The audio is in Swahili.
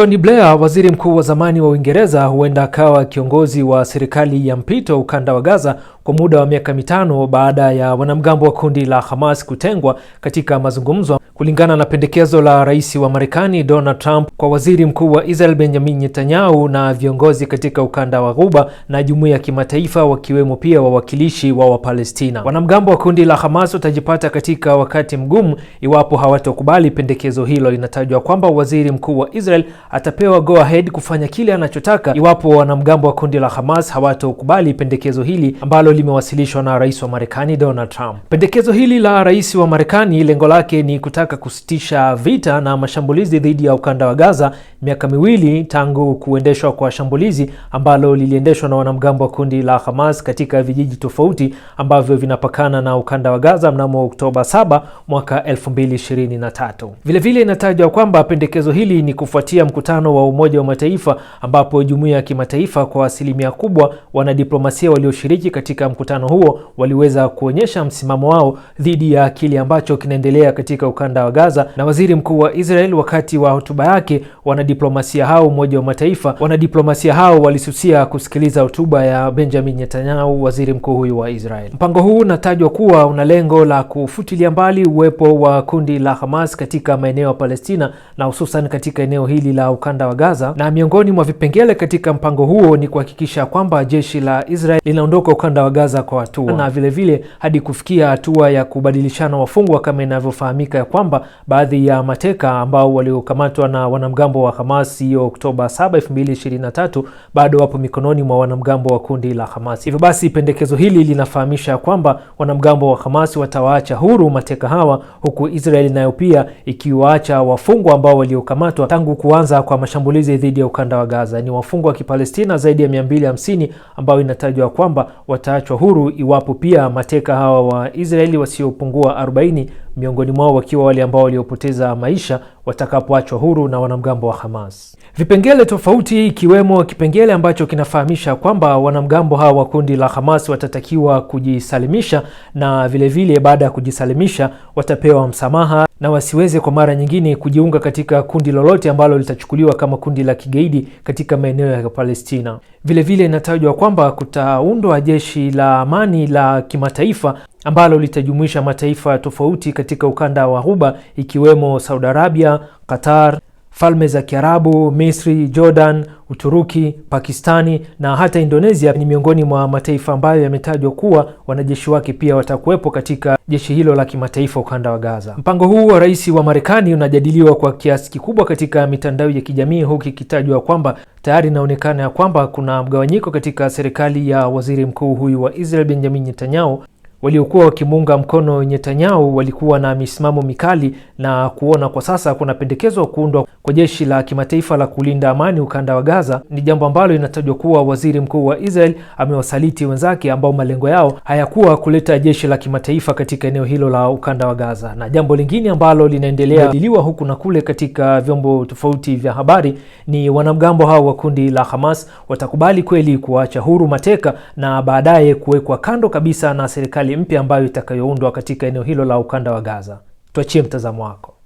Tony Blair, waziri mkuu wa zamani wa Uingereza, huenda akawa kiongozi wa serikali ya mpito ukanda wa Gaza kwa muda wa miaka mitano baada ya wanamgambo wa kundi la Hamas kutengwa katika mazungumzo, kulingana na pendekezo la rais wa Marekani Donald Trump kwa waziri mkuu wa Israel Benjamin Netanyahu na viongozi katika ukanda wa Ghuba na jumuiya ya kimataifa, wakiwemo pia wawakilishi wa Wapalestina. Wanamgambo wa kundi la Hamas watajipata katika wakati mgumu iwapo hawatokubali pendekezo hilo. linatajwa kwamba waziri mkuu wa Israel atapewa go ahead kufanya kile anachotaka iwapo wanamgambo wa kundi la Hamas hawatokubali pendekezo hili ambalo limewasilishwa na rais wa Marekani Donald Trump. Pendekezo hili la rais wa Marekani lengo lake ni kutaka kusitisha vita na mashambulizi dhidi ya ukanda wa Gaza, miaka miwili tangu kuendeshwa kwa shambulizi ambalo liliendeshwa na wanamgambo wa kundi la Hamas katika vijiji tofauti ambavyo vinapakana na ukanda wa Gaza mnamo Oktoba 7 mwaka 2023. Vilevile inatajwa kwamba pendekezo hili ni kufuatia mkutano wa Umoja wa Mataifa ambapo jumuiya ya kimataifa kwa asilimia kubwa wanadiplomasia walioshiriki katika katika mkutano huo waliweza kuonyesha msimamo wao dhidi ya kile ambacho kinaendelea katika ukanda wa Gaza. Na waziri mkuu wa Israel, wakati wa hotuba yake, wanadiplomasia hao Umoja wa Mataifa, wanadiplomasia hao walisusia kusikiliza hotuba ya Benjamin Netanyahu, waziri mkuu huyu wa Israel. Mpango huu unatajwa kuwa una lengo la kufutilia mbali uwepo wa kundi la Hamas katika maeneo ya Palestina na hususan katika eneo hili la ukanda wa Gaza, na miongoni mwa vipengele katika mpango huo ni kuhakikisha kwamba jeshi la Israel linaondoka ukanda wa wa Gaza kwa hatua na vile vile, hadi kufikia hatua ya kubadilishana wafungwa kama inavyofahamika ya kwamba baadhi ya mateka ambao waliokamatwa na wanamgambo wa Hamas hiyo Oktoba 7, 2023 bado wapo mikononi mwa wanamgambo wa kundi la Hamas. Hivyo basi pendekezo hili linafahamisha kwamba wanamgambo wa Hamas watawaacha huru mateka hawa, huku Israel nayo pia ikiwaacha wafungwa ambao waliokamatwa tangu kuanza kwa mashambulizi dhidi ya ukanda wa Gaza. Ni wafungwa wa Kipalestina zaidi ya 250 ambao inatajwa kwamba wata wataachwa huru iwapo pia mateka hawa wa Israeli wasiopungua 40 miongoni mwao wakiwa wale ambao waliopoteza maisha watakapoachwa huru na wanamgambo wa Hamas. Vipengele tofauti ikiwemo kipengele ambacho kinafahamisha kwamba wanamgambo hawa wa kundi la Hamas watatakiwa kujisalimisha na vilevile, baada ya kujisalimisha watapewa msamaha na wasiweze kwa mara nyingine kujiunga katika kundi lolote ambalo litachukuliwa kama kundi la kigaidi katika maeneo ya Palestina. Vilevile inatajwa kwamba kutaundwa jeshi la amani la kimataifa ambalo litajumuisha mataifa tofauti katika ukanda wa Ghuba ikiwemo Saudi Arabia, Qatar, falme za Kiarabu, Misri, Jordan, Uturuki, Pakistani na hata Indonesia ni miongoni mwa mataifa ambayo yametajwa kuwa wanajeshi wake pia watakuwepo katika jeshi hilo la kimataifa ukanda wa Gaza. Mpango huu wa rais wa Marekani unajadiliwa kwa kiasi kikubwa katika mitandao ya kijamii, huku ikitajwa kwamba tayari inaonekana ya kwamba kuna mgawanyiko katika serikali ya waziri mkuu huyu wa Israel Benjamin Netanyahu Waliokuwa wakimuunga mkono Netanyahu walikuwa na misimamo mikali na kuona kwa sasa kuna pendekezo kuundwa kwa jeshi la kimataifa la kulinda amani ukanda wa Gaza ni jambo ambalo inatajwa kuwa waziri mkuu wa Israel amewasaliti wenzake ambao malengo yao hayakuwa kuleta jeshi la kimataifa katika eneo hilo la ukanda wa Gaza. Na jambo lingine ambalo linaendelea diliwa huku na kule katika vyombo tofauti vya habari ni wanamgambo hao wa kundi la Hamas watakubali kweli kuacha huru mateka na baadaye kuwekwa kando kabisa na serikali serikali mpya ambayo itakayoundwa katika eneo hilo la ukanda wa Gaza. Tuachie mtazamo wako.